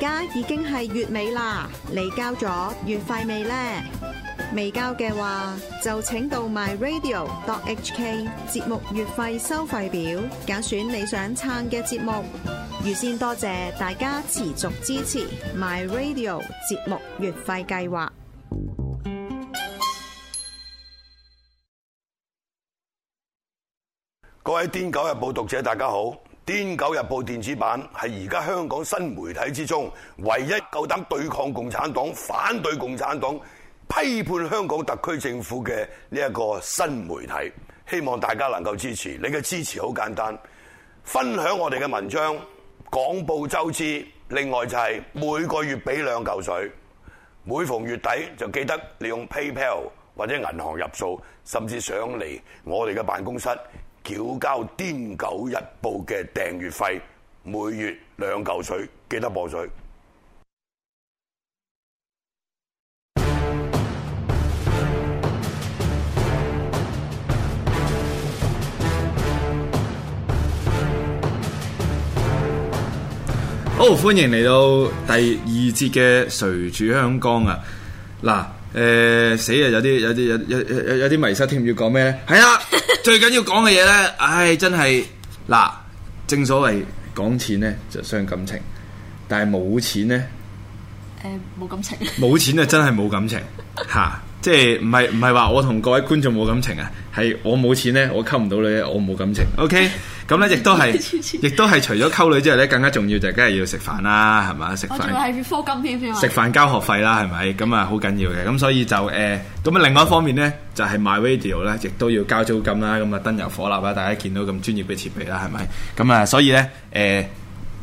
而家已經係月尾啦，你交咗月費未呢？未交嘅話，就請到 myradio.hk 節目月費收費表，揀選你想撐嘅節目。預先多謝大家持續支持 myradio 節目月費計劃。各位《癲狗日報》讀者，大家好。《天九日報》電子版係而家香港新媒體之中唯一夠膽對抗共產黨、反對共產黨、批判香港特區政府嘅呢一個新媒體，希望大家能夠支持。你嘅支持好簡單，分享我哋嘅文章，廣佈周知。另外就係每個月俾兩嚿水，每逢月底就記得利用 PayPal 或者銀行入數，甚至上嚟我哋嘅辦公室。《繳交癲狗日報》嘅訂閱費，每月兩嚿水，記得報稅。好，歡迎嚟到第二節嘅誰主香江啊！嗱。誒、呃，死啊！有啲有啲有有有啲迷失添，要講咩咧？係啊， 最緊要講嘅嘢咧，唉，真係嗱，正所謂講錢咧就傷感情，但係冇錢咧，誒、呃，冇感情，冇錢啊，真係冇感情吓。 即係唔係唔係話我同各位觀眾冇感情啊？係我冇錢咧，我溝唔到女我冇感情。O K，咁咧亦都係，亦 都係除咗溝女之外咧，更加重要就梗係要食飯啦，係嘛？食飯係課金添，食飯交學費啦，係咪？咁啊，好緊要嘅。咁所以就誒，咁、呃、啊，另外一方面咧，就係、是、MyRadio 咧，亦都要交租金啦。咁啊，燈油火蠟啦，大家見到咁專業嘅設備啦，係咪？咁啊，所以咧，誒、呃，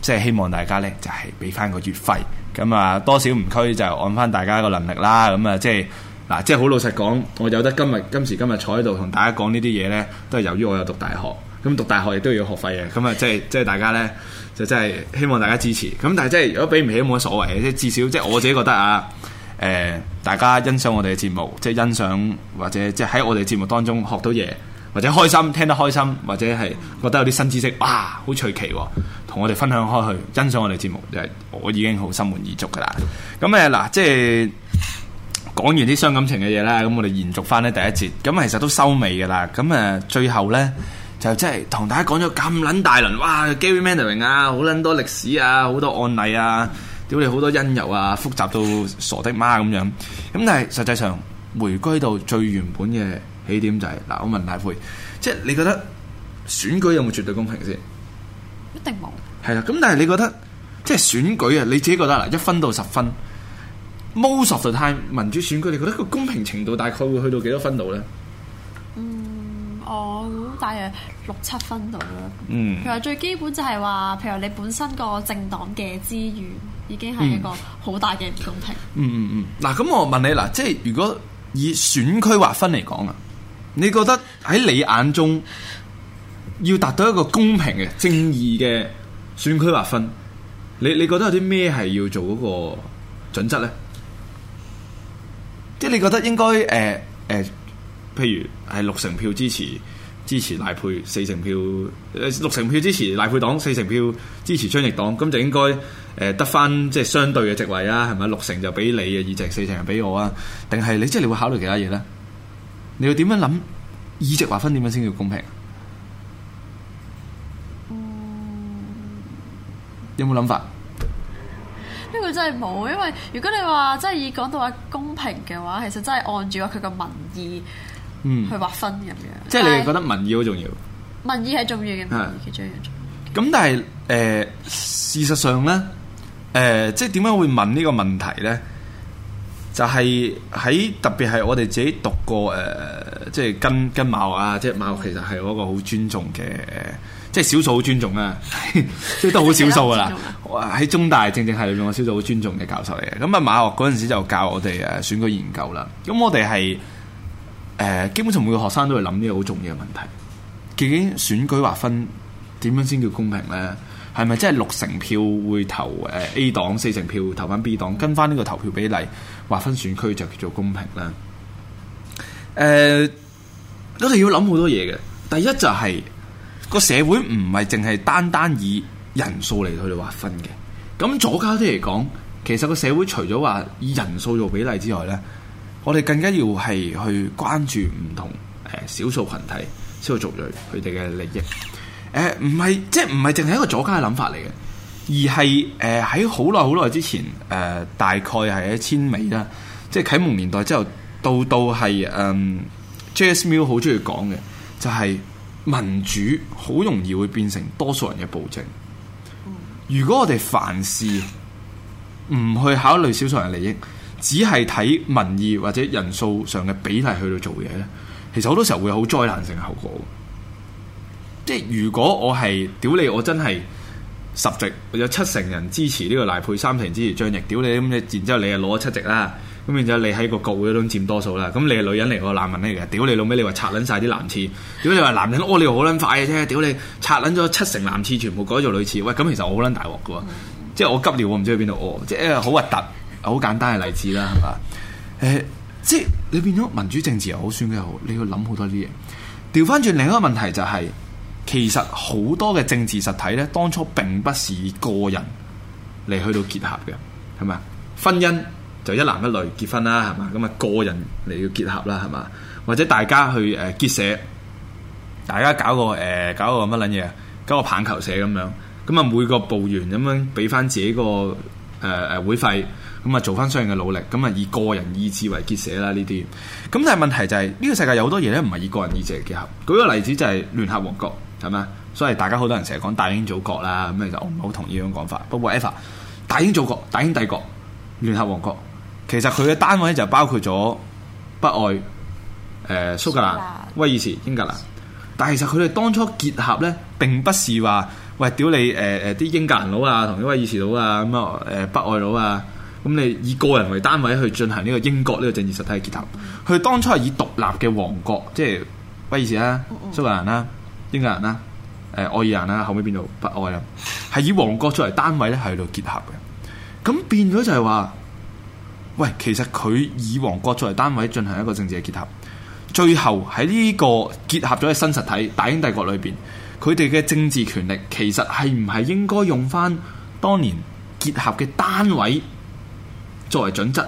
即、就、係、是、希望大家咧，就係俾翻個月費。咁啊，多少唔拘，就按翻大家個能力啦。咁啊，即係。嗱，即係好老實講，我有得今日今時今日坐喺度同大家講呢啲嘢呢，都係由於我有讀大學。咁讀大學亦都要學費嘅，咁啊，即係即係大家呢，就真係希望大家支持。咁但係即係如果俾唔起都冇乜所謂嘅，即係至少即係我自己覺得啊，誒、呃，大家欣賞我哋嘅節目，即係欣賞或者即係喺我哋節目當中學到嘢，或者開心聽得開心，或者係覺得有啲新知識，哇，好趣奇喎、哦，同我哋分享開去，欣賞我哋節目，就係、是、我已經好心滿意足噶啦。咁誒嗱，即係。講完啲傷感情嘅嘢啦，咁我哋延續翻呢第一節，咁其實都收尾噶啦，咁誒，最後呢，就即係同大家講咗咁撚大輪，哇 Gary Manning 啊，好撚多歷史啊，好多案例啊，屌你好多因由啊，複雜到傻的媽咁樣，咁但係實際上回歸到最原本嘅起點就係、是，嗱我問大珮，即係你覺得選舉有冇絕對公平先？一定冇。係啊，咁但係你覺得即係選舉啊？你自己覺得啦，一分到十分。冇實質性民主選舉，你覺得個公平程度大概會去到幾多分度呢？嗯，我估大約六七分度咯。嗯。其實最基本就係話，譬如你本身個政黨嘅資源已經係一個好大嘅唔公平。嗯嗯嗯。嗱、嗯，咁、嗯嗯、我問你啦，即係如果以選區劃分嚟講啊，你覺得喺你眼中要達到一個公平嘅正義嘅選區劃分，你你覺得有啲咩係要做嗰個準則呢？即係你覺得應該誒誒、呃呃，譬如係六成票支持支持賴珮，四成票誒、呃、六成票支持賴珮黨，四成票支持張翼黨，咁就應該誒得翻即係相對嘅席位啦，係咪六成就俾你嘅議席，成四成就俾我啊？定係你即係你會考慮其他嘢咧？你要點樣諗議席劃分點樣先叫公平？有冇諗法？真係冇，因為如果你話真係以講到話公平嘅話，其實真係按照佢個民意，嗯，去劃分咁樣。嗯、是即係你哋覺得民意好重要，民意係重要嘅，民意的其中一樣重要。咁但係誒，事實上咧，誒、呃，即係點樣會問呢個問題咧？就係、是、喺特別係我哋自己讀過誒。呃即係跟跟馬學啊！即係馬學其實係嗰個好尊重嘅，即係 少數好 尊重啊！即係都好少數噶啦。喺中大正正係用個少數好尊重嘅教授嚟嘅。咁啊，馬學嗰陣時就教我哋誒選舉研究啦。咁我哋係誒基本上每個學生都會諗呢個好重要嘅問題。究竟選舉劃分點樣先叫公平咧？係咪即係六成票會投誒 A 黨，四成票會投翻 B 黨，跟翻呢個投票比例劃分選區就叫做公平咧？誒、呃，我哋要諗好多嘢嘅。第一就係、是、個社會唔係淨係單單以人數嚟去劃分嘅。咁左膠啲嚟講，其實個社會除咗話以人數做比例之外咧，我哋更加要係去關注唔同誒少數群體、少數族裔佢哋嘅利益。誒唔係，即係唔係淨係一個左膠嘅諗法嚟嘅，而係誒喺好耐好耐之前誒、呃，大概係一千尾啦，即係啟蒙年代之後。到到係嗯 J.S. Mill 好中意講嘅就係、是、民主好容易會變成多數人嘅暴政。如果我哋凡事唔去考慮少數人利益，只係睇民意或者人數上嘅比例去到做嘢咧，其實好多時候會有好災難性嘅後果。即係如果我係屌你我，我真係十席有七成人支持呢個賴珮，三成支持張翼，屌你咁，你然之後你係攞咗七席啦。咁然之後，你喺個國會嗰度佔多數啦。咁你係女人嚟，我係男人嚟嘅。屌你老味、哦，你話拆撚晒啲男廁，屌你話男人屙尿好撚快嘅啫。屌你，拆撚咗七成男廁全部改做女廁。喂，咁其實我好撚大鑊嘅喎，即係我急尿我唔知去邊度屙，即係好核突、好簡單嘅例子啦，係嘛？誒，即係你變咗民主政治又好、選舉又好，你要諗好多啲嘢。調翻轉另一個問題就係、是，其實好多嘅政治實體咧，當初並不是以個人嚟去到結合嘅，係咪啊？婚姻。就一男一女結婚啦，係嘛？咁、那、啊個人嚟要結合啦，係嘛？或者大家去誒、呃、結社，大家搞個誒、呃、搞個乜撚嘢，搞個棒球社咁樣。咁啊每個部員咁樣俾翻自己個誒誒、呃、會費，咁啊做翻相應嘅努力。咁啊以個人意志為結社啦，呢啲。咁但係問題就係、是、呢、這個世界有好多嘢咧，唔係以個人意志嚟結合。舉個例子就係聯合王國，係嘛？所以大家好多人成日講大英祖國啦，咁咧就我唔好同意呢樣講法。不過 e v e 大英祖國、大英帝國、聯合王國。其實佢嘅單位就包括咗北愛、誒、呃、蘇格蘭、威爾士、英格蘭。但係其實佢哋當初結合咧，並不是話喂屌你誒誒啲英格蘭佬啊，同啲威爾士佬啊咁啊誒北愛佬啊，咁你以個人為單位去進行呢個英國呢個政治實體嘅結合。佢、嗯、當初係以獨立嘅王國，即係威爾士啦、啊、哦哦蘇格蘭啦、啊、英格蘭啦、啊、誒、呃、愛爾蘭啦、啊，後尾變到北愛啦、啊，係以王國作為單位咧，係去到結合嘅。咁變咗就係話。喂，其實佢以王國作為單位進行一個政治嘅結合，最後喺呢個結合咗嘅新實體大英帝國裏邊，佢哋嘅政治權力其實係唔係應該用翻當年結合嘅單位作為準則，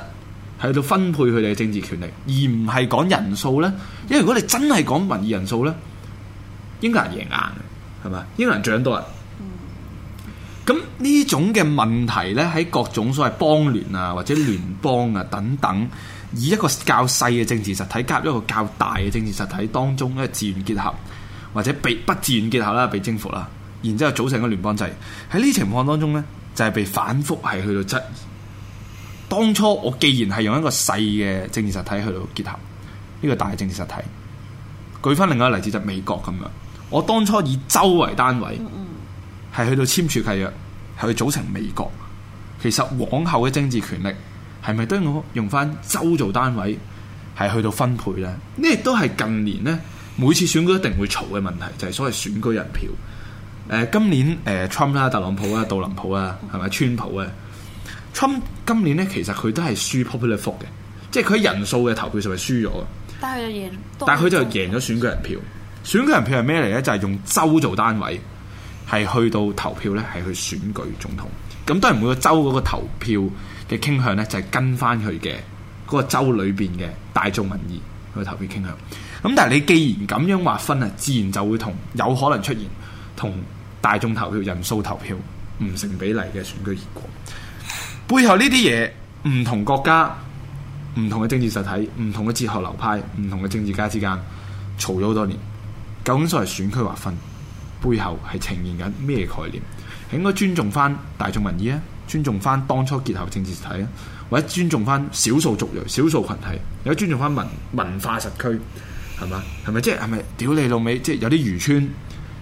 喺度分配佢哋嘅政治權力，而唔係講人數呢？因為如果你真係講民意人數呢，英國人贏硬嘅，係咪？英國人最多人。咁呢種嘅問題呢，喺各種所謂邦聯啊，或者聯邦啊，聯邦啊等等，以一個較細嘅政治實體夾咗一個較大嘅政治實體當中咧，自願結合或者被不自願結合啦，被征服啦，然之後組成個聯邦制。喺呢情況當中呢，就係、是、被反復係去到質疑。當初我既然係用一個細嘅政治實體去到結合呢，這個大政治實體，舉翻另一個例子就是，美國咁樣，我當初以州為單位。嗯嗯係去到簽署契約，係去組成美國。其實往後嘅政治權力係咪都我用返州做單位，係去到分配咧？呢亦都係近年咧，每次選舉一定會嘈嘅問題，就係、是、所謂選舉人票。誒、呃，今年誒 Trump 啦、特朗普啊、杜林普啊，係咪川普啊？Trump 今年咧，其實佢都係輸 popular vote 嘅，即係佢喺人數嘅投票上係輸咗。但係贏，但係佢就贏咗選舉人票。選舉人票係咩嚟咧？就係、是、用州做單位。係去到投票呢，係去選舉總統。咁、嗯、當然，每個州嗰個投票嘅傾向呢，就係、是、跟翻佢嘅嗰個州裏邊嘅大眾民意去、那個、投票傾向。咁、嗯、但係你既然咁樣劃分啊，自然就會同有可能出現同大眾投票、人數投票唔成比例嘅選舉結果。背後呢啲嘢，唔同國家、唔同嘅政治實體、唔同嘅哲學流派、唔同嘅政治家之間嘈咗好多年。究竟所謂選區劃分？背後係呈現緊咩概念？係應該尊重翻大眾民意啊，尊重翻當初結合政治實體啊，或者尊重翻少數族裔、少數群體，有尊重翻文文化實區，係嘛？係咪即係咪？屌你老味，即係有啲漁村，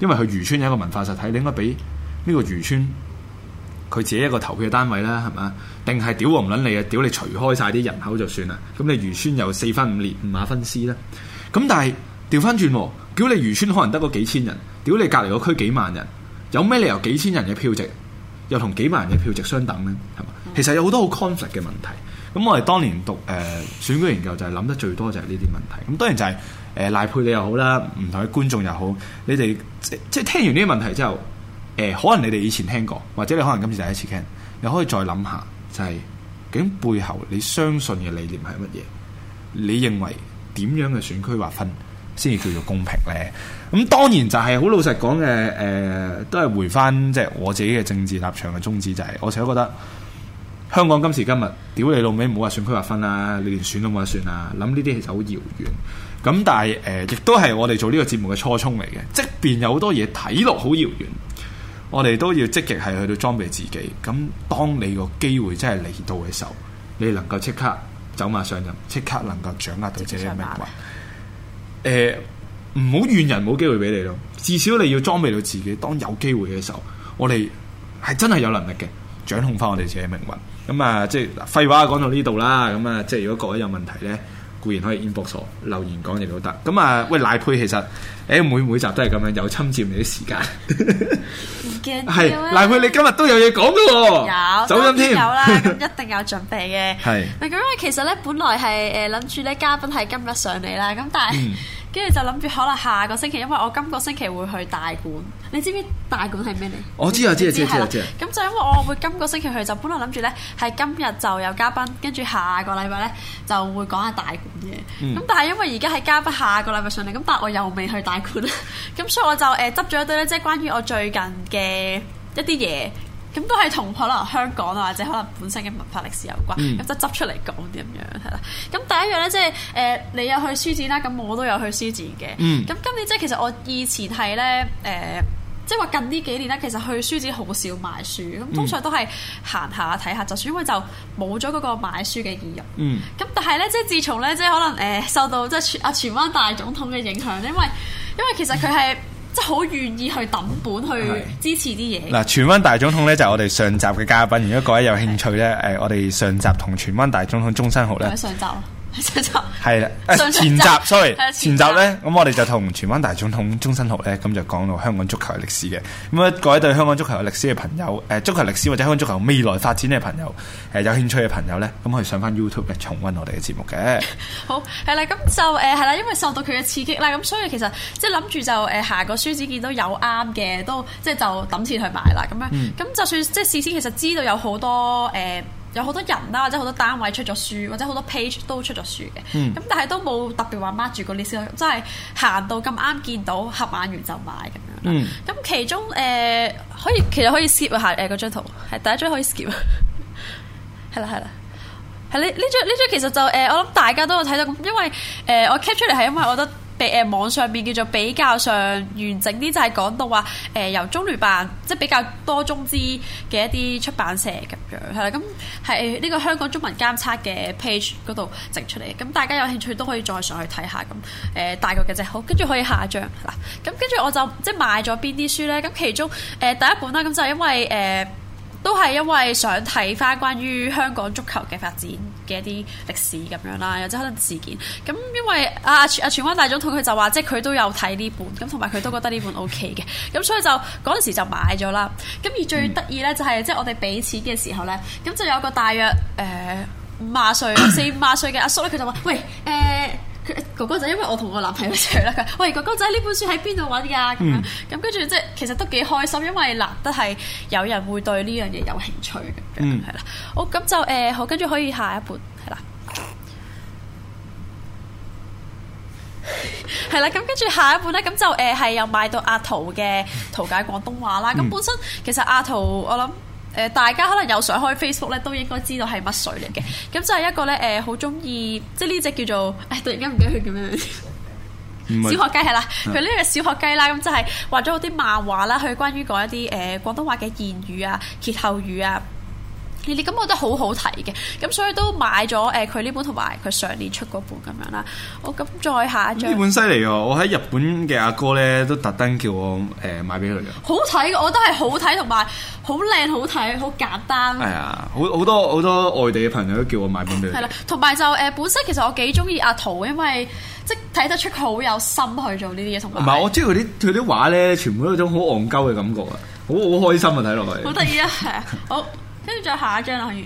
因為佢漁村有一個文化實體，你應該俾呢個漁村佢自己一個投票嘅單位啦，係嘛？定係屌我唔撚你啊！屌你，除開晒啲人口就算啦，咁你漁村又四分五裂、五馬分屍咧？咁但係調翻轉。屌你漁村可能得個幾千人，屌你隔離個區幾萬人，有咩理由幾千人嘅票值又同幾萬人嘅票值相等呢？係嘛？ 其實有好多好 conflict 嘅問題。咁我哋當年讀誒、呃、選舉研究就係諗得最多就係呢啲問題。咁當然就係、是、誒、呃、賴珮你又好啦，唔同嘅觀眾又好，你哋即即聽完呢啲問題之後，誒、呃、可能你哋以前聽過，或者你可能今次第一次聽，你可以再諗下、就是，就係究竟背後你相信嘅理念係乜嘢？你認為點樣嘅選區劃分？先至叫做公平咧，咁、嗯、當然就係、是、好老實講嘅，誒、呃、都係回翻即係我自己嘅政治立場嘅宗旨，就係、是、我成日覺得香港今時今日，屌你老味唔好話選區劃分啦、啊，你連選都冇得選啊！諗呢啲其實好遙遠，咁、嗯、但係誒、呃，亦都係我哋做呢個節目嘅初衷嚟嘅。即便有好多嘢睇落好遙遠，我哋都要積極係去到裝備自己。咁、嗯、當你個機會真係嚟到嘅時候，你能夠即刻走馬上任，即刻能夠掌握到自己嘅命運。誒，唔好、欸、怨人冇機會俾你咯。至少你要裝備到自己，當有機會嘅時候，我哋係真係有能力嘅掌控翻我哋自己嘅命運。咁、嗯、啊，即係廢話講到呢度啦。咁、嗯、啊，即係如果各位有問題咧，固然可以 inbox 我留言講嘢都得。咁、嗯、啊，喂，賴珮其實誒、欸，每每集都係咁樣，有侵占你啲時間。係賴珮，是你今日都有嘢講噶喎，有走音了添，有啦， 一定有準備嘅。係是，咁因為其實咧本來係誒諗住咧嘉賓係今日上嚟啦，咁但係。 跟住就諗住可能下個星期，因為我今個星期會去大館，你知唔知大館係咩嚟？我、oh, 知啊，知啊，知啊，知咁 就因為我會今個星期去，就本來諗住呢，係今日就有嘉賓，跟住下個禮拜呢就會講下大館嘅。咁、mm. 但係因為而家係嘉賓下個禮拜上嚟，咁但係我又未去大館，咁 所以我就誒執咗一堆呢，即係關於我最近嘅一啲嘢。咁都係同可能香港啊，或者可能本身嘅文化歷史有關，咁即係執出嚟講點樣，係啦。咁第一樣咧，即係誒，你有去書展啦，咁我都有去書展嘅。咁、嗯、今年即係其實我以前係咧，誒、呃，即係話近呢幾年咧，其實去書展好少買書，咁通常都係行下睇下，就算，因為就冇咗嗰個買書嘅意欲。咁、嗯、但係咧，即係自從咧，即係可能誒受到即係啊荃灣大總統嘅影響，因為因為其實佢係。 即係好願意去抌本去支持啲嘢。嗱，荃灣大總統咧就係我哋上集嘅嘉賓，如果各位有興趣咧，誒、 呃，我哋上集同荃灣大總統中生豪咧。係啦， 就 前集，sorry，前集咧，咁 我哋就同荃灣大總統鐘新豪咧，咁就講到香港足球嘅歷史嘅。咁啊，各位對香港足球嘅歷史嘅朋友，誒、呃、足球歷史或者香港足球未來發展嘅朋友，誒、呃、有興趣嘅朋友咧，咁可以上翻 YouTube 嚟重溫我哋嘅節目嘅。 好，係啦，咁就誒係啦，因為受到佢嘅刺激啦，咁所以其實即係諗住就誒、呃，下個書展見到有啱嘅，都即係就揼錢去買啦。咁樣、嗯，咁就算即係事先其實知道有好多誒。呃呃有好多人啦，或者好多單位出咗書，或者好多 page 都出咗書嘅。咁、嗯、但係都冇特別話 mark 住嗰啲先，真係行到咁啱見到合眼緣就買咁樣。咁、嗯、其中誒、呃、可以其實可以 skip 下誒嗰、呃、張圖，係第一張可以 skip。 係啦係啦，係呢呢張呢張其實就誒、呃，我諗大家都有睇到咁，因為誒、呃、我 capture 出嚟係因為我覺得。比網上邊叫做比較上完整啲，就係，是，講到話誒、呃、由中聯辦即係比較多中資嘅一啲出版社咁樣係啦，咁係呢個香港中文監測嘅 page 嗰度整出嚟，咁大家有興趣都可以再上去睇下咁誒、呃、大個嘅隻好，跟住可以下一張嗱，咁跟住我就即係買咗邊啲書呢？咁其中誒、呃、第一本啦，咁就係因為誒、呃、都係因為想睇翻關於香港足球嘅發展。嘅一啲歷史咁樣啦，又即係可能事件咁，因為啊啊，荃、啊、荃灣大總統佢就話，即係佢都有睇呢本咁，同埋佢都覺得呢本 OK 嘅，咁所以就嗰陣時就買咗啦。咁而最得意呢，就係即係我哋俾錢嘅時候呢，咁就有個大約誒五十歲、四十 歲嘅阿叔咧，佢就話：喂誒！呃哥哥仔，因為我同我男朋友一齊啦。佢：喂，哥哥仔，呢本書喺邊度揾㗎？咁樣咁，跟住即係其實都幾開心，因為難得係有人會對呢樣嘢有興趣嘅。嗯，係啦。好咁就誒，好跟住可以下一本係啦。係啦，咁跟住下一本咧，咁就誒係又買到阿陶嘅《圖解廣東話》啦。咁本身其實阿陶，我諗。誒、呃，大家可能有上開 Facebook 咧，都應該知道係乜水嚟嘅。咁就係一個咧，誒、呃，好中意即係呢隻叫做誒，突然間唔記得佢叫咩名？是小學雞係啦，佢呢是個小學雞啦，咁就係畫咗啲漫畫啦，去關於講一啲誒、呃、廣東話嘅言語啊、歇後語啊。咁我覺得好好睇嘅，咁所以都買咗誒佢呢本同埋佢上年出嗰本咁樣啦。我、喔、咁再下一張呢本犀利啊！我喺日本嘅阿哥咧都特登叫我誒、呃、買俾佢嘅。好睇，我覺得係好睇同埋好靚，好睇，好簡單。係啊、哎，好好多好多外地嘅朋友都叫我買本俾佢。係啦 同埋就誒、呃、本身其實我幾中意阿圖，因為即睇得出佢好有心去做呢啲嘢，同埋我中意佢啲佢啲畫咧，全部都一種好戇鳩嘅感覺啊！好好開心啊，睇落去 好得意啊，係 好。 跟住再下一張啦，如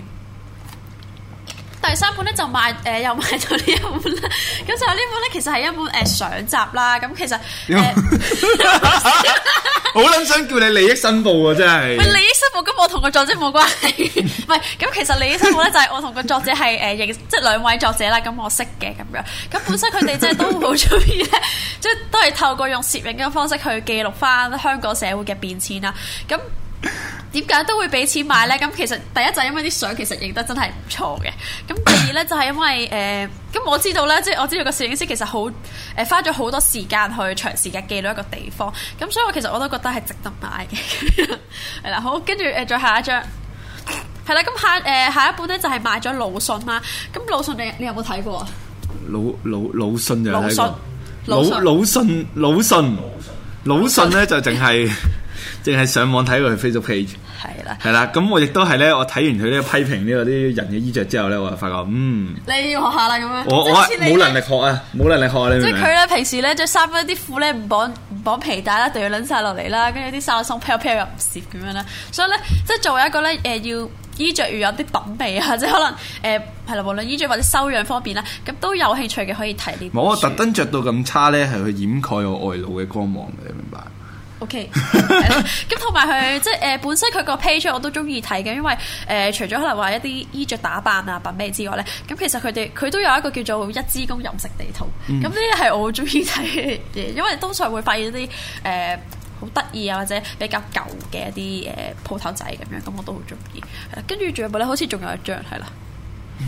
第三本咧就買誒、呃、又買咗呢一本啦，咁就呢本咧其實係一本誒相、呃、集啦，咁其實好撚想叫你利益申報啊，真係！咪利益申報咁我同個作者冇關係，唔係咁其實利益申報咧就係我同個作者係誒、呃、認即係兩位作者啦，咁我識嘅咁樣，咁本身佢哋即係都好中意咧，即係 都係透過用攝影嘅方式去記錄翻香港社會嘅變遷啦，咁、啊。嗯 點解都會俾錢買咧？咁其實第一就因為啲相其實影得真係唔錯嘅。咁第二咧就係因為誒，咁、呃、我知道咧，即係我知道個攝影師其實好誒、呃，花咗好多時間去長時間記錄一個地方。咁所以我其實我都覺得係值得買嘅。係 啦，好，跟住誒，再下一張係啦。咁 下誒、呃，下一本咧就係買咗魯迅啦。咁魯迅你你有冇睇過？魯魯魯迅就係魯魯魯迅魯迅魯迅咧就淨係。淨係上網睇佢 Facebook page，係啦，係啦。咁我亦都係咧，我睇完佢呢個批評呢個啲人嘅衣着之後咧，我就發覺嗯，你要學下啦咁樣。我我係冇能力學啊，冇能力學啊，你明唔明？即係佢咧平時咧著三分啲褲咧唔綁唔綁，綁皮帶啦，就要攆晒落嚟啦，跟住啲衫鬆飄飄又唔攝咁樣啦。所以咧，即係作為一個咧誒、呃，要衣着要有啲品味啊，即係可能誒係啦，無論衣着或者修養方面啦，咁都有興趣嘅可以睇呢。冇，我特登着到咁差咧，係去掩蓋我外露嘅光芒嘅，你明白？O K，咁同埋佢即係誒本身佢個 page 我都中意睇嘅，因為誒除咗可能話一啲衣着打扮啊、品味之外咧，咁其實佢哋佢都有一個叫做一枝公飲食地圖，咁呢啲係我好中意睇嘅，因為通常會發現一啲誒好得意啊或者比較舊嘅一啲誒鋪頭仔咁樣，咁我都好中意。跟住仲有部咧，好似仲有一張係啦。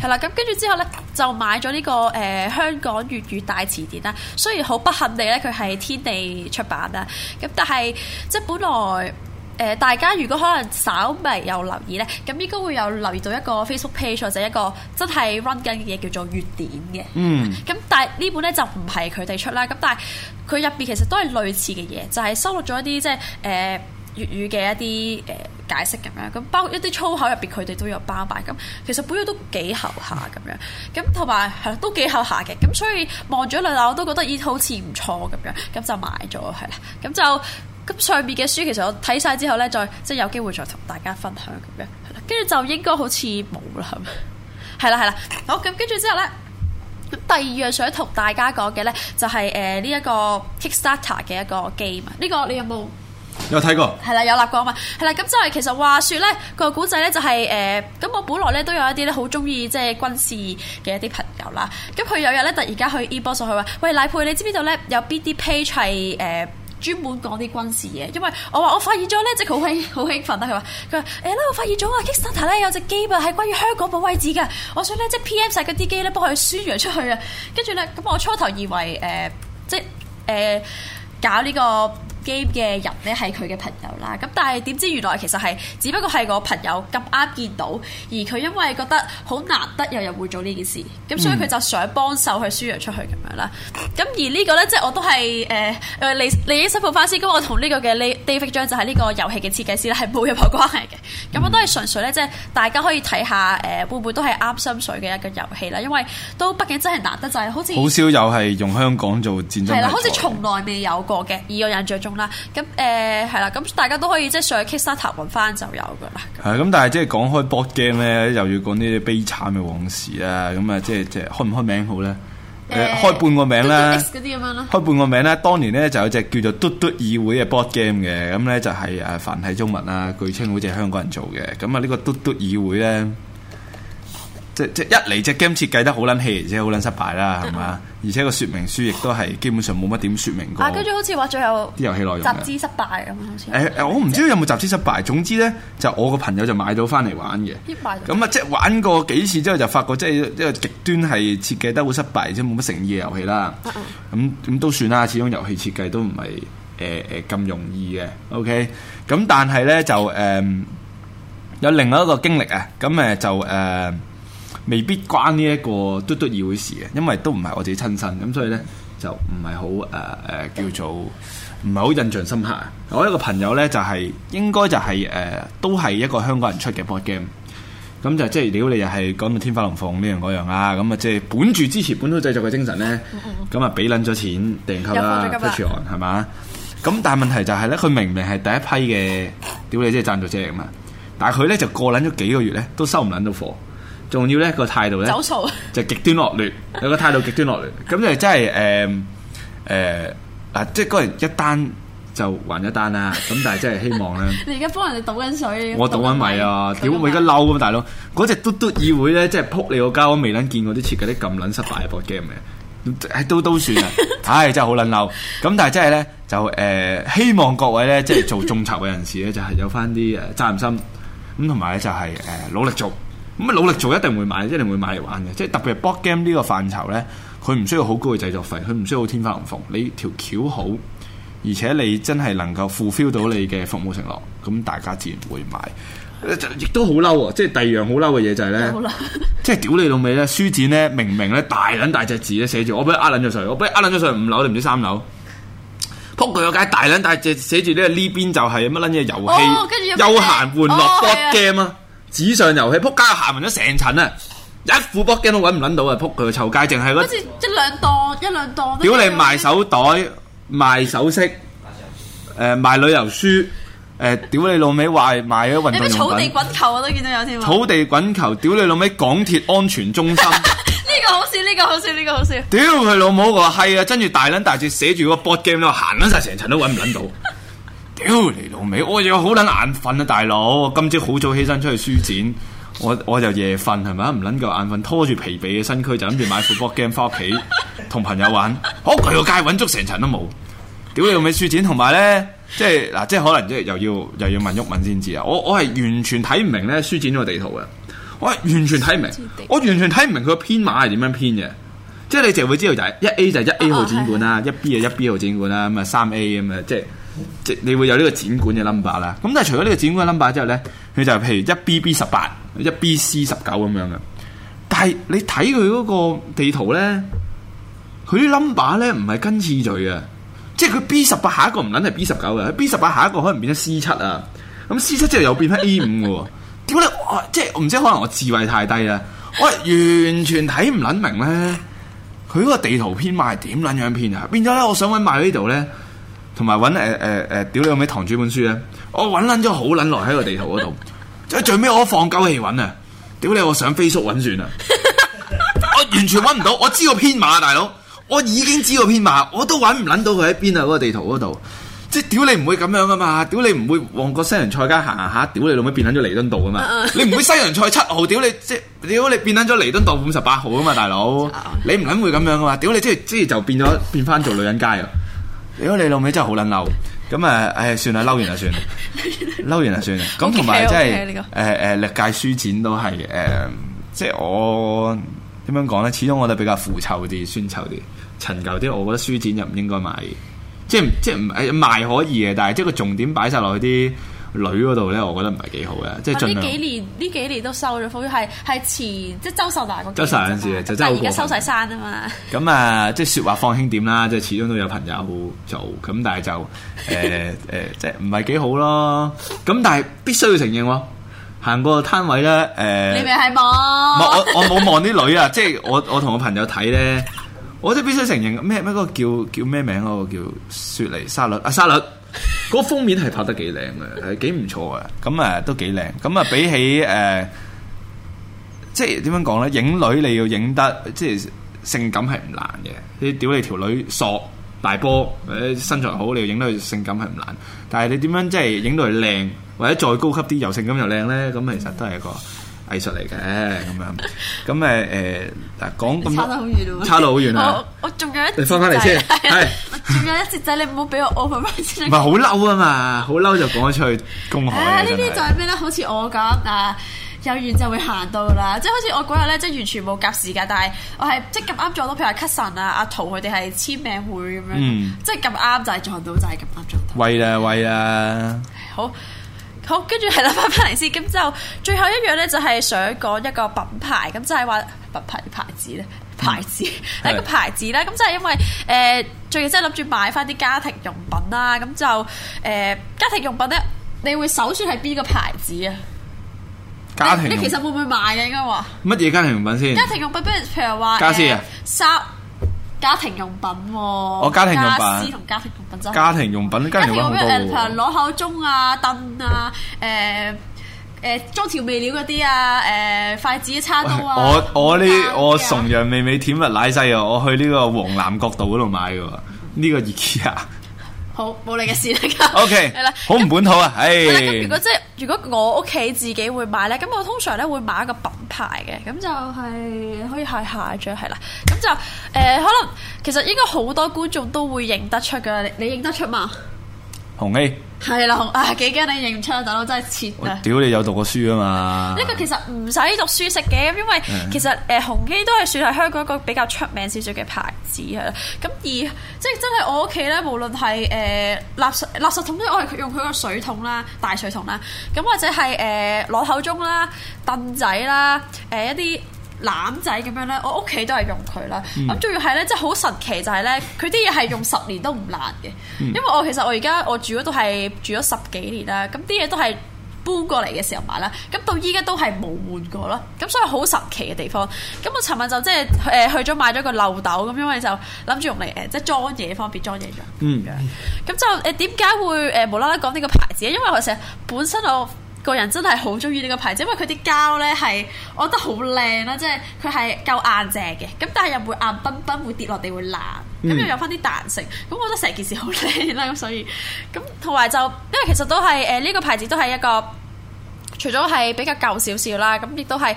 係啦，咁跟住之後呢，就買咗呢、這個誒、呃、香港粵語大詞典啦。雖然好不幸地呢，佢係天地出版啦。咁但係即係本來誒、呃、大家如果可能稍微有留意呢，咁應該會有留意到一個 Facebook page 或者一個真係 run 緊嘅嘢叫做粵典嘅。嗯。咁但係呢本呢，就唔係佢哋出啦。咁但係佢入邊其實都係類似嘅嘢，就係、是、收錄咗一啲即係誒粵語嘅一啲誒。呃解釋咁樣咁，包括一啲粗口入邊，佢哋都有包埋。咁其實本來都幾厚下咁樣，咁同埋係都幾厚下嘅。咁所以望咗兩下，我都覺得咦，好似唔錯咁樣，咁就買咗係啦。咁就咁上面嘅書，其實我睇晒之後咧，再即係有機會再同大家分享咁樣。跟住就應該好似冇啦，係啦係啦。好咁，跟住之後咧，第二樣想同大家講嘅咧，就係誒呢一個 Kickstarter 嘅一個 game。呢個你有冇？有睇過，係啦，有立過啊嘛，係啦，咁即係其實話説咧個古仔咧就係、是、誒，咁、呃、我本來咧都有一啲咧好中意即係軍事嘅一啲朋友啦，咁佢有日咧突然間去 inbox 佢話，喂賴珮，你知唔知度咧有邊啲 page 係誒專門講啲軍事嘢？因為我話我發現咗咧，即係好興好興奮啦。佢話佢話誒，咧、欸、我發現咗啊，Kickstarter 咧有隻機啊，係關於香港保衛戰嘅，我想咧即係 PM 晒嗰啲機咧幫佢宣揚出去啊。跟住咧咁我初頭以為誒、呃、即係誒、呃、搞呢、這個。嘅人咧係佢嘅朋友啦，咁但係點知原來其實係只不過係個朋友咁啱見到，而佢因為覺得好難得有人會做呢件事，咁、嗯、所以佢就想幫手去宣揚出去咁樣啦。咁而個呢個咧即係我都係誒誒利利益申報翻先，咁、呃、我同呢個嘅呢 David 張就係呢個遊戲嘅設計師咧係冇任何關係嘅，咁、嗯、我都係純粹咧即係大家可以睇下誒、呃、會唔會都係啱心水嘅一個遊戲啦，因為都畢竟真係難得就係、是、好似好少有係用香港做戰爭係啦，好似從來未有過嘅，以我印象中。咁誒係啦，咁、呃、大家都可以即係上去 Kickstarter 揾翻就有噶啦。係、嗯，咁、嗯、但係即係講開 board game 咧， 又要講呢啲悲慘嘅往事啊！咁啊，即係即係開唔開名好咧？誒、欸，開半個名啦，嗯、開半個名咧、嗯。當年咧就有隻叫做《嘟嘟議會》嘅 board game 嘅，咁咧就係誒繁體中文啊，據稱好似係香港人做嘅。咁啊，呢個《嘟嘟議會》呢咧。即即一嚟，隻 game 設計得好撚 hea 而且好撚失敗啦，係嘛？而且個說明書亦都係基本上冇乜點說明過、啊。跟住好似話最後啲遊戲內容集資失敗咁，好似誒我唔知有冇集資失敗。總之咧，就是、我個朋友就買到翻嚟玩嘅。咁啊，即玩過幾次之後就發覺，即即極端係設計得好失敗，即冇乜誠意嘅遊戲啦。咁咁、嗯嗯、都算啦，始終遊戲設計都唔係誒誒咁容易嘅。OK，咁但係咧就誒、呃、有另外一個經歷啊，咁誒就誒。呃就呃未必關呢、這、一個嘟嘟要嘅事嘅，因為都唔係我自己親身咁，所以咧就唔係好誒誒叫做唔係好印象深刻。我一個朋友咧就係、是、應該就係、是、誒、呃、都係一個香港人出嘅 board game，咁就即係屌你又係講到天花龍鳳呢樣嗰樣啊，咁啊即係本住支持本土製作嘅精神咧，咁啊俾撚咗錢訂購啦，Patreon 係嘛？咁但係問題就係、是、咧，佢明明係第一批嘅，屌你即係贊助者啊嘛，但係佢咧就過撚咗幾個月咧都收唔撚到貨。重要咧個態度咧，跑就極端惡劣。有 個態度極端惡劣，咁就真係誒誒啊！即係嗰日一單就還一單啦。咁但係真係希望咧，你而家幫人哋倒緊水，我倒緊米啊！屌我而家嬲咁，大佬嗰隻嘟嘟議會咧，即係撲你個膠，我未撚見過啲設計啲咁撚失敗嘅博 game 嘅，都都算啊！唉、 哎，真係好撚嬲。咁但係真係咧，就誒希望各位咧，即係做眾籌嘅人士咧，就係、是、有翻啲誒責任心，咁同埋咧就係誒努力做。咁努力做一定會買，一定會買嚟玩嘅。即係特別係 bot game 呢個範疇咧，佢唔需要好高嘅製作費，佢唔需要天花龍鳳。你條橋好，而且你真係能夠 fulfill 到你嘅服務承諾，咁大家自然會買。亦都好嬲啊！即係第二樣好嬲嘅嘢就係、是、咧， 即係屌你老味咧，書展咧明明咧大撚大隻字咧寫住，我俾人呃撚咗上嚟，我俾人呃撚咗上嚟五樓你唔知三樓。扑佢個街大撚大隻寫住咧呢邊就係乜撚嘢遊戲，休閒、oh, 玩樂 bot game 啊！紙上遊戲，撲街行勻咗成層啊！一副波 game 都搵唔搵到啊！撲佢個臭街，淨係嗰好似一兩檔，一兩檔。屌你賣手袋，那個，賣首飾，誒、呃、賣旅遊書，誒、呃、屌你老味賣賣咗運動用 有有草地滾球我都見到有添。草地滾球，屌你老味港鐵安全中心，呢 個好笑，呢、這個好笑，呢、這個好笑。屌佢老母！我話係啊，跟住大捻大字寫住個波 game，你話行匀晒成層都搵唔搵到。 屌你老味，我又好捻眼瞓啊！大佬，今朝好早起身出去書展，我我就夜瞓係咪啊？唔捻夠眼瞓，拖住疲憊嘅身軀就諗住買副 board game 翻屋企同朋友玩。好，佢個街揾足成層都冇，屌你老味書展，同埋咧即係嗱，即係可能即係又要又要問郁問先知啊！我我係完全睇唔明咧書展呢個地圖嘅，我係完全睇唔明，我完全睇唔明佢個編碼係點樣編嘅。即係你就會知道就係一 A 就一 A 號展館啦，一、哦哦、B 就一 B 號展館啦，咁啊三 A 咁啊即係。即你會有呢個展館嘅 number 啦，咁但係除咗呢個展館 number 之後咧，佢就譬如一 B B 十八、一 B C 十九咁樣嘅。但係你睇佢嗰個地圖咧，佢啲 number 咧唔係根次序嘅，即係佢 B 十八下一個唔卵係 B 十九嘅，B 十八下一個可能變咗 C 七啊，咁 C 七之後又變咗 A 五嘅喎。點解？ 我即係唔知可能我智慧太低啊。我完全睇唔卵明咧，佢嗰個地圖編碼係點卵樣編啊？變咗咧，我想搵埋喺呢度咧。同埋揾，誒誒，屌你老味堂主本書咧，我揾撚咗好撚耐喺個地圖嗰度，即最尾我放狗氣揾啊！屌你，我上 Facebook 揾算啊！我完全揾唔到，我知道編碼，大佬，我已經知道編碼，我都揾唔撚到佢喺邊啊！嗰個地圖嗰度，即屌你唔會咁樣噶嘛！屌你唔會旺角西洋菜街行行下，屌你老味變撚咗彌敦道噶嘛！你唔會西洋菜七號，屌你，即屌你變撚咗彌敦道五十八號啊嘛！大佬，你唔撚會咁樣噶嘛？屌你，即，即就變咗變翻做女人街啊！如果你老味真係好撚嬲，咁啊，唉、哎，算啦，嬲完就算，嬲 完就算。咁同埋即係，誒誒 Okay, okay,、呃，歷屆書展都係，誒、呃，即係我點樣講咧？始終我覺得比較腐臭啲、酸臭啲、陳舊啲。我覺得書展又唔應該買，即係即係唔係賣可以嘅，但係即係個重點擺晒落去啲。女嗰度咧，我覺得唔係幾好嘅，即係呢幾年呢雲幾，幾年都收咗風，係係前即係周秀娜嗰陣，周秀娜嗰時就真係而家收晒山啊嘛。咁啊， 即係説話放輕點啦，即係始終都有朋友好做，咁但係就誒誒、呃 呃，即係唔係幾好咯？咁但係必須要承認喎，行過個攤位咧，誒、呃，你咪係冇？我我冇望啲女啊， 即係我我同我朋友睇咧，我都必須承認，咩咩嗰個叫叫咩名嗰個叫，叫雪梨沙律啊沙律。啊沙律個封面係拍得幾靚嘅，係幾唔錯嘅。咁啊，都幾靚。咁啊，比起誒、呃，即係點樣講呢？影女你要影得，即係性感係唔難嘅。你屌你條女索大波，誒身材好，你要影得佢性感係唔難。但係你點樣即係影到佢靚，或者再高級啲，又性感又靚呢？咁其實都係一個。藝術嚟嘅咁樣，咁誒誒嗱，講咁，差得好遠，差得好遠，我仲有一，你翻翻嚟先，係仲有一節仔，你唔好俾我 over 翻先。唔係好嬲，啊嘛，好嬲就講咗出去公開。呢啲就係咩咧？好似我咁啊，有緣就會行到啦。即係好似我嗰日咧，即係完全冇夾時間，但係我係即係咁啱撞到，譬如阿 Cushion 啊、阿陶佢哋係簽名會咁樣，即係咁啱就係撞到，就係咁啱撞到。喂啦喂啦，好。好，跟住係啦，翻翻嚟先。咁就最後一樣咧，就係想講一個品牌，咁即係話品牌牌子咧，牌子係 個牌子啦。咁即係因為誒，最近即係諗住買翻啲家庭用品啦。咁就誒，家庭用品咧，你會首選係邊個牌子啊？家庭用品你其實會唔會買嘅？應該話乜嘢家庭用品先？家庭用品比如譬如話家私。啊，欸家庭用品喎，傢俬同家庭用品，家庭用品家庭用品好喎，誒譬如攞口盅啊、凳啊、誒誒裝調味料嗰啲啊、誒筷子叉刀啊，我我呢我崇洋媚美舔物奶製啊，我去呢個黃南角道嗰度買嘅喎，呢個熱氣啊～好冇你嘅事啦，OK，係啦，好唔 Okay, 嗯、本土啊，唉、哎，咁如果即係如果我屋企自己會買咧，咁我通常咧會買一個品牌嘅，咁就係可以係下一張係啦，咁就誒可能其實應該好多觀眾都會認得出噶你認得出嘛？紅 A。係囉，啊幾驚你認唔出啊！大佬真係切，屌你有讀過書啊嘛？呢個其實唔使讀書識嘅，因為其實誒紅、嗯呃、A 都係算係香港一個比較出名少少嘅牌子啊。咁而即係真係我屋企咧，無論係誒、呃、垃圾垃圾桶咧，我係用佢個水桶啦、大水桶啦，咁、呃、或者係誒攞口盅啦、凳仔啦、誒、呃、一啲。攬仔咁樣咧，我屋企都係用佢啦。咁仲要係咧，即係好神奇就係、是、咧，佢啲嘢係用十年都唔爛嘅。嗯、因為我其實我而家我住嗰度係住咗十幾年啦，咁啲嘢都係搬過嚟嘅時候買啦，咁到依家都係冇換過咯。咁所以好神奇嘅地方。咁我尋日就即係誒去咗買咗個漏斗咁，因為就諗住用嚟誒即係裝嘢方便裝嘢用嘅。咁就誒點解會誒無啦啦講呢個牌子咧？因為成日本身我。個人真係好中意呢個牌子，因為佢啲膠呢，係我覺得好靚啦，即係佢係夠硬淨嘅，咁但係又唔會硬崩崩，會跌落地會爛，咁、嗯、又有翻啲彈性，咁我覺得成件事好靚啦，咁所以咁同埋就因為其實都係誒呢個牌子都係一個除咗係比較舊少少啦，咁亦都係誒、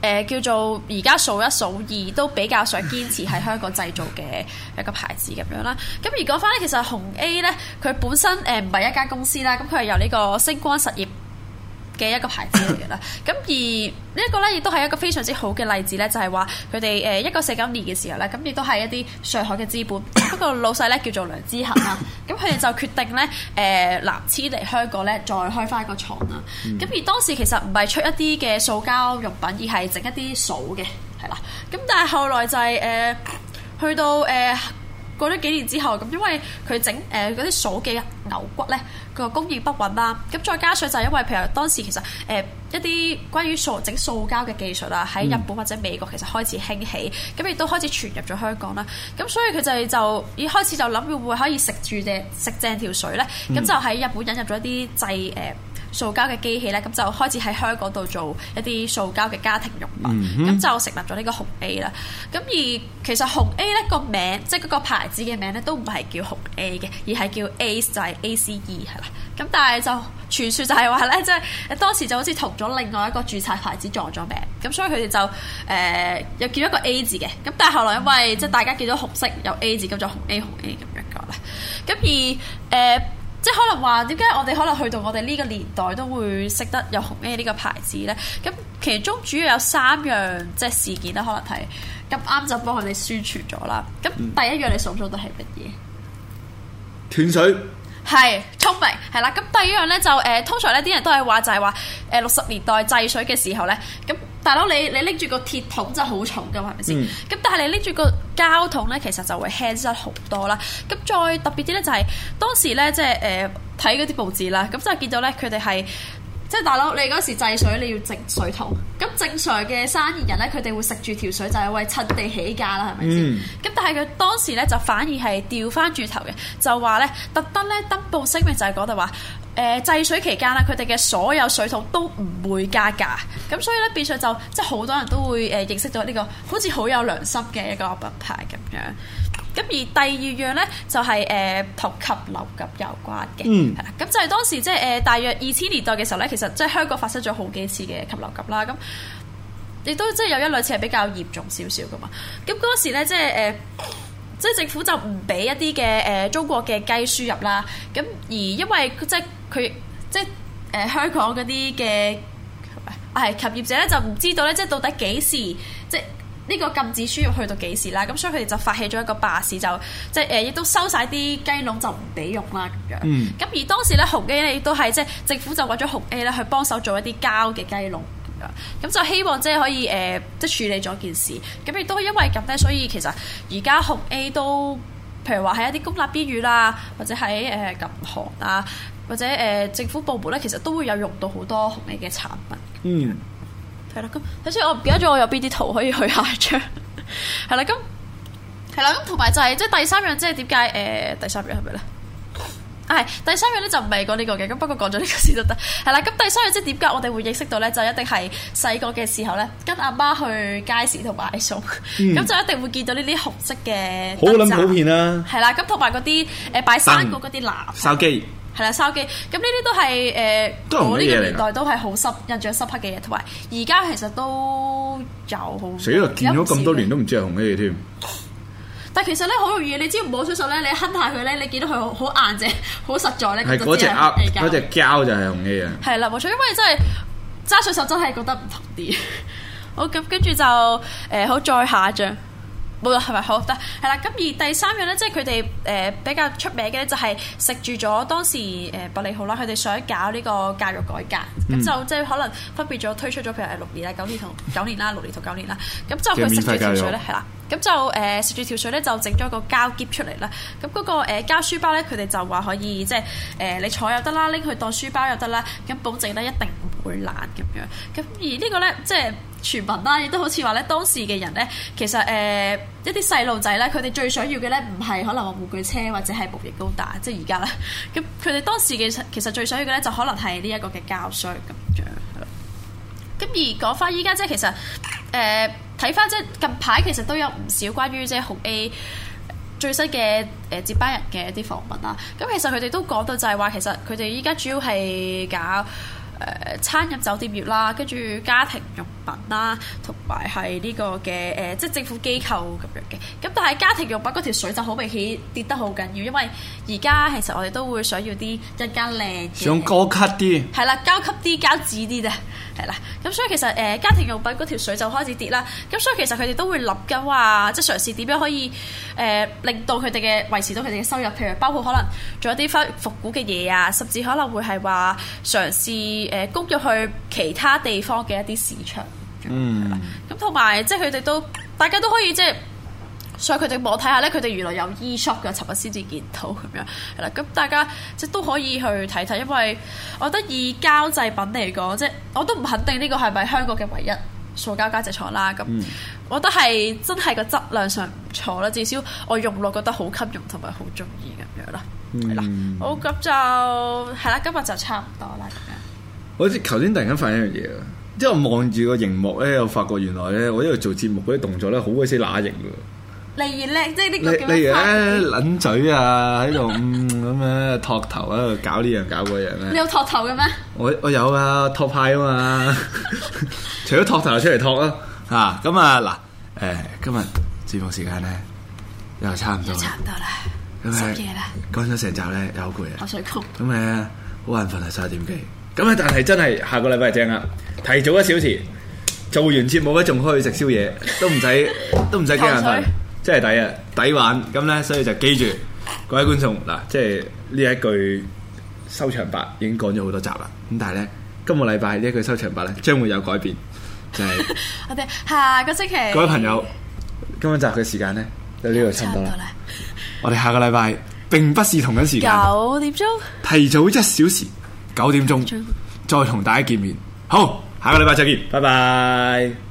呃、叫做而家數一數二都比較想堅持喺香港製造嘅一個牌子咁樣啦。咁如果翻呢，其實紅 A 呢，佢本身誒唔係一間公司啦，咁佢係由呢個星光實業。嘅一個牌子嚟嘅啦，咁 而呢一個咧亦都係一個非常之好嘅例子咧，就係話佢哋誒一九四九年嘅時候咧，咁亦都係一啲上海嘅資本， 不過老細咧叫做梁之恒啦，咁佢哋就決定咧誒南遷嚟香港咧，再開翻一個廠啊，咁 而當時其實唔係出一啲嘅塑膠用品，而係整一啲鎖嘅，係啦，咁但係後來就係、是、誒、呃、去到誒。呃過咗幾年之後，咁因為佢整誒嗰啲梳嘅牛骨咧，個供應不穩啦。咁再加上就係因為譬如當時其實誒、呃、一啲關於塑整塑膠嘅技術啊，喺日本或者美國其實開始興起，咁亦都開始傳入咗香港啦。咁所以佢就係就已開始就諗會唔會可以食住隻食正條水咧。咁、嗯、就喺日本引入咗一啲製誒。呃塑膠嘅機器咧，咁就開始喺香港度做一啲塑膠嘅家庭用品，咁、嗯、哼就成立咗呢個紅 A 啦。咁而其實紅 A 咧個名，即係嗰個牌子嘅名咧，都唔係叫紅 A 嘅，而係叫 A 就係 A C E 係啦。咁但係就傳説就係話咧，即、就、係、是、當時就好似同咗另外一個註冊牌子撞咗名，咁所以佢哋就誒、呃、又叫一個 A 字嘅。咁但係後來因為即係、嗯、哼大家見到紅色有 A 字，咁就叫紅 A 紅 A 咁樣講啦。咁而誒。呃即係可能話點解我哋可能去到我哋呢個年代都會識得有紅咩呢個牌子呢？咁其中主要有三樣即係事件啦，可能係咁啱就幫佢哋宣傳咗啦。咁第一樣你諗到都係乜嘢？斷水係聰明係啦。咁第二樣呢，就誒，通常呢啲人都係話就係話誒六十年代制水嘅時候呢。咁。大佬，你你拎住個鐵桶真係好重噶，係咪先？咁、嗯、但係你拎住個膠桶咧，其實就會輕質好多啦。咁再特別啲咧、就是呃，就係、是、當時咧，即係誒睇嗰啲報紙啦。咁真係見到咧，佢哋係即係大佬，你嗰時制水你要淨水桶。咁正常嘅生意人咧，佢哋會食住條水就係、是、為趁地起價啦，係咪先？咁、嗯、但係佢當時咧就反而係掉翻轉頭嘅，就話咧特登咧登報聲明就係講到話。誒制、呃、水期間啦，佢哋嘅所有水桶都唔會加價，咁所以咧變相就即係好多人都會誒、呃、認識到呢、這個好似好有良心嘅一個品牌咁樣。咁而第二樣咧就係誒同禽流感有關嘅，咁、嗯嗯、就係、是、當時即係誒大約二千年代嘅時候咧，其實即係香港發生咗好幾次嘅禽流感啦，咁亦都即係有一兩次係比較嚴重少少㗎嘛。咁嗰時咧即係誒。呃即係政府就唔俾一啲嘅誒中國嘅雞輸入啦，咁而因為即係佢即係誒、呃、香港嗰啲嘅，啊係及業者咧就唔知道咧，即係到底幾時即係呢個禁止輸入去到幾時啦，咁所以佢哋就發起咗一個罷市，就即係誒，亦、呃、都收晒啲雞籠就唔俾用啦咁樣。咁、嗯、而當時咧紅 A 咧亦都係即係政府就揾咗紅 A 咧去幫手做一啲膠嘅雞籠。咁就希望即係可以誒，即、呃、係處理咗件事。咁亦都因為咁咧，所以其實而家紅 A 都，譬如話喺一啲公立醫院啦，或者喺誒、呃、銀行啊，或者誒、呃、政府部門咧，其實都會有用到好多紅 A 嘅產品。嗯，係啦。咁睇下先，我唔記得咗我有邊啲圖可以去一下一張。係 啦，咁係啦。咁同埋就係、是、即係第三樣，即係點解誒第三樣係咪咧？係、哎、第三樣咧就唔係講呢個嘅、這個，咁不過講咗呢個先都得，係啦。咁第三樣即係點解我哋會認識到咧？就一定係細個嘅時候咧，跟阿媽,媽去街市同埋買餸，咁、嗯、 就一定會見到呢啲紅色嘅，好撚普遍啦。係啦，咁同埋嗰啲誒擺生果嗰啲籃，筲箕係啦，筲箕。咁呢啲都係誒，呃、都我呢個年代都係好深印象深刻嘅嘢，同埋而家其實都有好，死啦見咗咁多年都唔知係紅咩嘢添。但係其實咧好容易，你知唔好出手咧，你哼下佢咧，你見到佢好好硬嘅，好實在咧。係嗰隻鴨，嗰隻膠就係用呢樣。係啦，冇錯，因為真係揸水手真係覺得唔同啲、 呃。好咁，跟住就誒，好再下一張。冇啊，係咪好得？係啦，咁而第三樣咧，即係佢哋誒比較出名嘅就係食住咗當時誒麥理浩啦，佢哋想搞呢個教育改革，咁、嗯、就即係可能分別咗推出咗，譬如係六年啦、九年同九年啦、六年同九年啦，咁就佢食住條水咧，係啦育，咁就誒、呃、食住條水咧就整咗個膠箱出嚟啦，咁嗰、那個誒、呃、膠書包咧，佢哋就話可以即係誒、呃、你坐又得啦，拎佢當書包又得啦，咁保證咧一定。會難咁樣，咁而呢個咧，即係傳聞啦，亦都好似話咧，當時嘅人咧，其實誒、呃、一啲細路仔咧，佢哋最想要嘅咧，唔係可能話玩具車或者係無翼高達，即係而家啦。咁佢哋當時嘅其實最想要嘅咧，就可能係呢一個嘅膠箱咁樣。咁而講翻依家，即係其實誒睇翻即係近排，其實都有唔少關於即係紅 A 最新嘅誒接班人嘅一啲訪問啦。咁其實佢哋都講到就係話，其實佢哋依家主要係搞。誒、呃、餐飲酒店業啦，跟住家庭用品啦，同埋係呢個嘅誒、呃，即係政府機構咁樣嘅。咁但係家庭用品嗰條水就好明顯跌得好緊要，因為而家其實我哋都會想要啲一間靚，想高級啲，係啦，高級啲、高質啲嘅，係啦。咁所以其實誒、呃、家庭用品嗰條水就開始跌啦。咁所以其實佢哋都會諗嘅話，即係嘗試點樣可以誒、呃、令到佢哋嘅維持到佢哋嘅收入，譬如包括可能仲有啲翻復古嘅嘢啊，甚至可能會係話嘗試。誒，供咗去其他地方嘅一啲市場，嗯，咁同埋，即係佢哋都，大家都可以即係上佢哋網睇下咧。佢哋原來有 e shop 嘅尋日先至見到咁樣係啦。咁大家即都可以去睇睇，因為我覺得以膠製品嚟講，即係我都唔肯定呢個係咪香港嘅唯一塑膠膠製廠啦。咁，嗯、我覺得係真係個質量上唔錯啦。至少我用落覺得好耐用同埋好中意咁樣啦。係啦、嗯，好咁就係啦，今日就差唔多啦，咁樣。我似頭先突然間發一樣嘢啊！即係我望住個熒幕咧，我發覺原來咧，我喺度做節目嗰啲動作咧，好鬼死乸型嘅。例如咧，即係呢個，例如咧，攆、呃、嘴啊，喺度咁樣，托頭喺度搞呢樣搞嗰樣咧。樣你有托頭嘅咩？我我有啊，托派啊嘛。 除咗托頭就出嚟托、啊啊嗯啊、啦，嚇咁啊嗱誒，今日節目時間咧又差唔多，差唔多啦，深夜啦，講咗成集咧又好攰啊，我想曲，咁啊，好眼瞓啊，十一點幾。咁但係真係下個禮拜正啦，提早一小時做完節目咧，仲可以食宵夜，都唔使都唔使驚眼瞓，即係抵啊，抵玩！咁呢，所以就記住，各位觀眾嗱，即係呢一句收場白已經講咗好多集啦。咁但係呢，今個禮拜呢一句收場白呢，將會有改變，就係、是、 我哋下個星期。各位朋友，今集嘅時間呢，就呢度差唔多啦。多我哋下個禮拜並不是同一時間，九點鐘提早一小時。九點鐘 再同大家見面，好，下個禮拜再見，拜拜。拜拜。